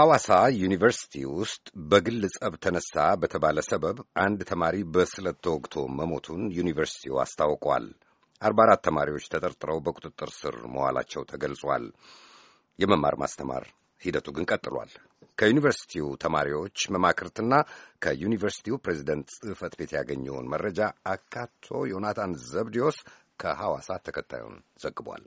ሐዋሳ ዩኒቨርሲቲ ውስጥ በግል ጸብ ተነሳ በተባለ ሰበብ አንድ ተማሪ በስለት ተወግቶ መሞቱን ዩኒቨርሲቲው አስታውቋል። አርባ አራት ተማሪዎች ተጠርጥረው በቁጥጥር ስር መዋላቸው ተገልጿል። የመማር ማስተማር ሂደቱ ግን ቀጥሏል። ከዩኒቨርሲቲው ተማሪዎች መማክርትና ከዩኒቨርሲቲው ፕሬዚደንት ጽህፈት ቤት ያገኘውን መረጃ አካቶ ዮናታን ዘብዲዮስ ከሐዋሳ ተከታዩን ዘግቧል።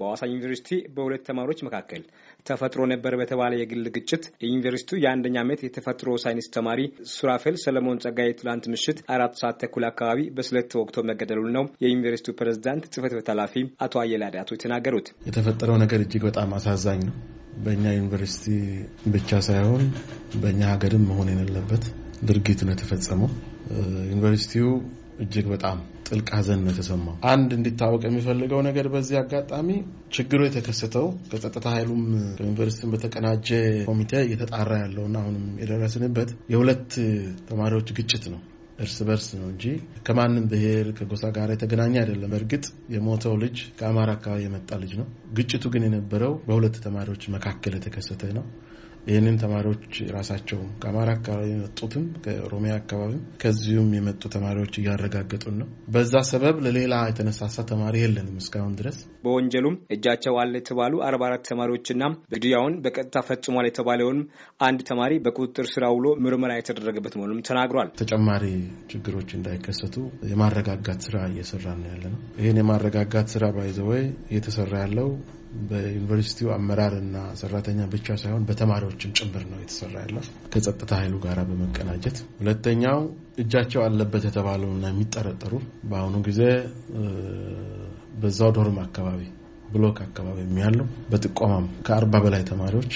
በሐዋሳ ዩኒቨርሲቲ በሁለት ተማሪዎች መካከል ተፈጥሮ ነበር በተባለ የግል ግጭት የዩኒቨርሲቲው የአንደኛ ዓመት የተፈጥሮ ሳይንስ ተማሪ ሱራፌል ሰለሞን ጸጋይ ትላንት ምሽት አራት ሰዓት ተኩል አካባቢ በስለት ተወግቶ መገደሉን ነው የዩኒቨርሲቲው ፕሬዝዳንት ጽህፈት ቤት ኃላፊ አቶ አየለ አዳቶ የተናገሩት። የተፈጠረው ነገር እጅግ በጣም አሳዛኝ ነው። በእኛ ዩኒቨርሲቲ ብቻ ሳይሆን በእኛ ሀገርም መሆን የሌለበት ድርጊት ነው የተፈጸመው። ዩኒቨርሲቲው እጅግ በጣም ጥልቅ ሐዘን ነው የተሰማው። አንድ እንዲታወቅ የሚፈልገው ነገር በዚህ አጋጣሚ ችግሩ የተከሰተው ከጸጥታ ኃይሉም ከዩኒቨርሲቲም በተቀናጀ ኮሚቴ እየተጣራ ያለውና አሁንም የደረስንበት የሁለት ተማሪዎች ግጭት ነው። እርስ በርስ ነው እንጂ ከማንም ብሔር ከጎሳ ጋር የተገናኘ አይደለም። በእርግጥ የሞተው ልጅ ከአማራ አካባቢ የመጣ ልጅ ነው። ግጭቱ ግን የነበረው በሁለት ተማሪዎች መካከል የተከሰተ ነው። ይህንን ተማሪዎች ራሳቸውም ከአማራ አካባቢ የመጡትም ከኦሮሚያ አካባቢም ከዚሁም የመጡ ተማሪዎች እያረጋገጡን ነው። በዛ ሰበብ ለሌላ የተነሳሳ ተማሪ የለንም እስካሁን ድረስ። በወንጀሉም እጃቸው አለ የተባሉ አርባ አራት ተማሪዎችና ግድያውን በቀጥታ ፈጽሟል የተባለውንም አንድ ተማሪ በቁጥጥር ስራ ውሎ ምርመራ የተደረገበት መሆኑም ተናግሯል። ተጨማሪ ችግሮች እንዳይከሰቱ የማረጋጋት ስራ እየሰራ ነው ያለ ነው። ይህን የማረጋጋት ስራ ባይዘወይ እየተሰራ ያለው በዩኒቨርሲቲው አመራር እና ሰራተኛ ብቻ ሳይሆን በተማሪዎችም ጭምር ነው የተሰራ ያለው ከጸጥታ ኃይሉ ጋር በመቀናጀት። ሁለተኛው እጃቸው አለበት የተባለው እና የሚጠረጠሩ በአሁኑ ጊዜ በዛው ዶርም አካባቢ ብሎክ አካባቢ ያለው በጥቆማም ከአርባ በላይ ተማሪዎች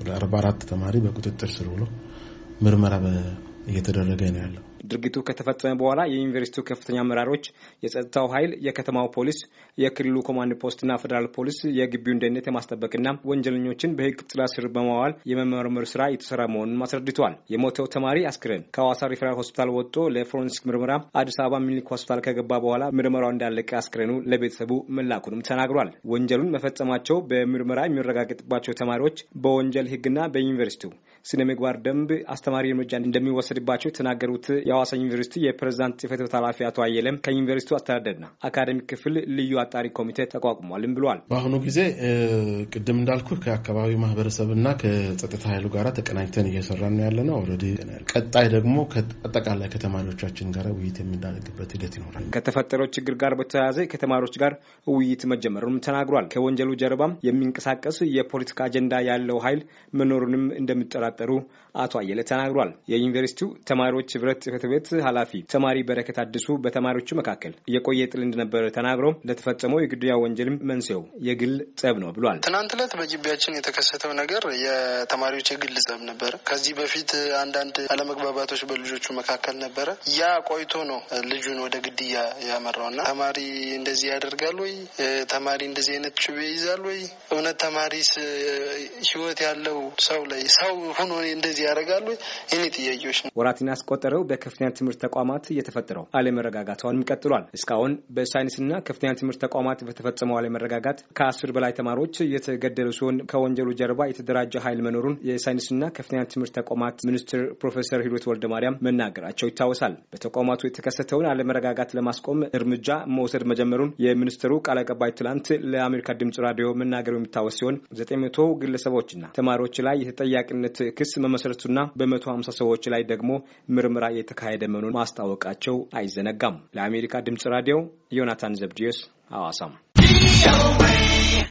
ወደ አርባ አራት ተማሪ በቁጥጥር ስር ውሎ ምርመራ እየተደረገ ነው ያለው። ድርጊቱ ከተፈጸመ በኋላ የዩኒቨርሲቲው ከፍተኛ አመራሮች፣ የጸጥታው ኃይል፣ የከተማው ፖሊስ፣ የክልሉ ኮማንድ ፖስትና ፌዴራል ፖሊስ የግቢውን ደህንነት የማስጠበቅና ወንጀለኞችን በህግ ጥላ ስር በማዋል የመመርመር ስራ የተሰራ መሆኑን አስረድቷል። የሞተው ተማሪ አስክሬን ከሐዋሳ ሪፈራል ሆስፒታል ወጥቶ ለፎረንሲክ ምርመራ አዲስ አበባ ሚኒክ ሆስፒታል ከገባ በኋላ ምርመራው እንዳለቀ አስክሬኑ ለቤተሰቡ መላኩንም ተናግሯል። ወንጀሉን መፈጸማቸው በምርመራ የሚረጋገጥባቸው ተማሪዎች በወንጀል ህግና በዩኒቨርሲቲው ስነ ምግባር ደንብ አስተማሪ እርምጃ እንደሚወሰድባቸው የተናገሩት የሐዋሳ ዩኒቨርሲቲ የፕሬዝዳንት ጽህፈት ቤት ኃላፊ አቶ አየለም ከዩኒቨርሲቲው አስተዳደርና አካደሚክ ክፍል ልዩ አጣሪ ኮሚቴ ተቋቁሟልም ብሏል። በአሁኑ ጊዜ ቅድም እንዳልኩ ከአካባቢው ማህበረሰብና ከጸጥታ ኃይሉ ጋር ተቀናጅተን እየሰራ ነው ያለ ነው። ቀጣይ ደግሞ አጠቃላይ ከተማሪዎቻችን ጋር ውይይት የምናደርግበት ሂደት ይኖራል። ከተፈጠረው ችግር ጋር በተያያዘ ከተማሪዎች ጋር ውይይት መጀመሩንም ተናግሯል። ከወንጀሉ ጀርባም የሚንቀሳቀስ የፖለቲካ አጀንዳ ያለው ኃይል መኖሩንም እንደሚጠራጠሩ አቶ አየለ ተናግሯል። የዩኒቨርሲቲው ተማሪዎች ህብረት ትምህርት ቤት ኃላፊ ተማሪ በረከት አዲሱ በተማሪዎቹ መካከል የቆየ ጥል እንደነበረ ተናግሮ ለተፈጸመው የግድያ ወንጀልም መንስኤው የግል ጸብ ነው ብሏል። ትናንት ዕለት በግቢያችን የተከሰተው ነገር የተማሪዎች የግል ጸብ ነበረ። ከዚህ በፊት አንዳንድ አለመግባባቶች በልጆቹ መካከል ነበረ። ያ ቆይቶ ነው ልጁን ወደ ግድያ ያመራውና ተማሪ እንደዚህ ያደርጋል ወይ? ተማሪ እንደዚህ አይነት ችቤ ይዛል ወይ? እውነት ተማሪስ ህይወት ያለው ሰው ላይ ሰው ሁኖ እንደዚህ ያደርጋል ወይ? ይህኔ ጥያቄዎች ነው ወራትን ያስቆጠረው ከፍተኛ ትምህርት ተቋማት የተፈጠረው አለመረጋጋቷንም ቀጥሏል። እስካሁን በሳይንስና ከፍተኛ ትምህርት ተቋማት በተፈጸመው አለመረጋጋት ከአስር በላይ ተማሪዎች የተገደሉ ሲሆን ከወንጀሉ ጀርባ የተደራጀ ኃይል መኖሩን የሳይንስና ከፍተኛ ትምህርት ተቋማት ሚኒስትር ፕሮፌሰር ሂሩት ወልደ ማርያም መናገራቸው ይታወሳል። በተቋማቱ የተከሰተውን አለመረጋጋት ለማስቆም እርምጃ መውሰድ መጀመሩን የሚኒስትሩ ቃል አቀባይ ትላንት ለአሜሪካ ድምጽ ራዲዮ መናገሩ የሚታወስ ሲሆን ዘጠኝ መቶ ግለሰቦችና ተማሪዎች ላይ የተጠያቂነት ክስ መመስረቱና በመቶ ሀምሳ ሰዎች ላይ ደግሞ ምርምራ የተካ እየተካሄደ መሆኑን ማስታወቃቸው አይዘነጋም። ለአሜሪካ ድምጽ ራዲዮ ዮናታን ዘብዲዮስ አዋሳም